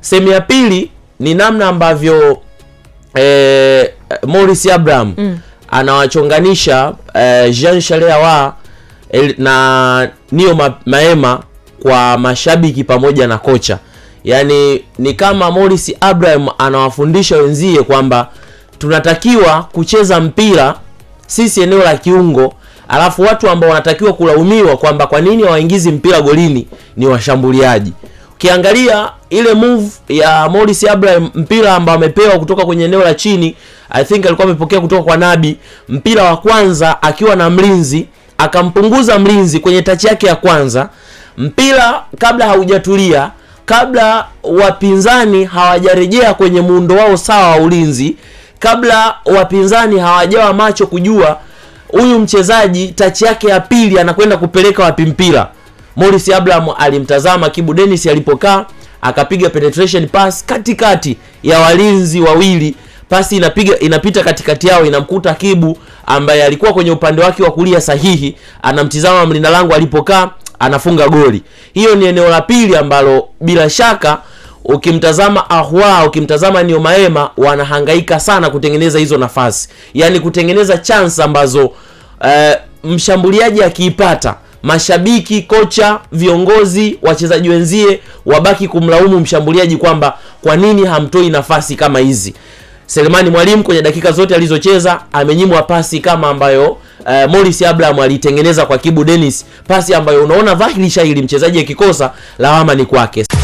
Sehemu ya pili ni namna ambavyo eh, Morris Abraham mm. anawachonganisha eh, Jean Shaleawa el, na Nio ma, Maema kwa mashabiki pamoja na kocha. Yaani ni kama Morris Abraham anawafundisha wenzie kwamba tunatakiwa kucheza mpira sisi eneo la kiungo, alafu watu ambao wanatakiwa kulaumiwa kwamba kwa nini hawaingizi mpira golini ni washambuliaji ukiangalia ile move ya Morris Abraham, mpira ambao amepewa kutoka kwenye eneo la chini, I think alikuwa amepokea kutoka kwa Nabi, mpira wa kwanza akiwa na mlinzi, akampunguza mlinzi kwenye tachi yake ya kwanza, mpira kabla haujatulia, kabla wapinzani hawajarejea kwenye muundo wao sawa wa ulinzi, kabla wapinzani hawajawa macho kujua huyu mchezaji tachi yake ya pili anakwenda kupeleka wapi mpira Morris Abraham alimtazama Kibu Dennis alipokaa, akapiga penetration pass katikati ya walinzi wawili. Pasi inapiga inapita katikati yao, inamkuta Kibu ambaye alikuwa kwenye upande wake wa kulia sahihi, anamtizama mlinda lango alipokaa, anafunga goli. Hiyo ni eneo la pili ambalo bila shaka ukimtazama Ahwa, ukimtazama niomaema wanahangaika sana kutengeneza hizo nafasi, yaani kutengeneza chance ambazo uh, mshambuliaji akiipata mashabiki, kocha, viongozi, wachezaji wenzie wabaki kumlaumu mshambuliaji kwamba kwa nini hamtoi nafasi kama hizi. Selemani Mwalimu kwenye dakika zote alizocheza amenyimwa pasi kama ambayo Uh, Morris Abraham alitengeneza kwa Kibu Dennis, pasi ambayo unaona dhahiri shahili mchezaji akikosa lawama ni kwake.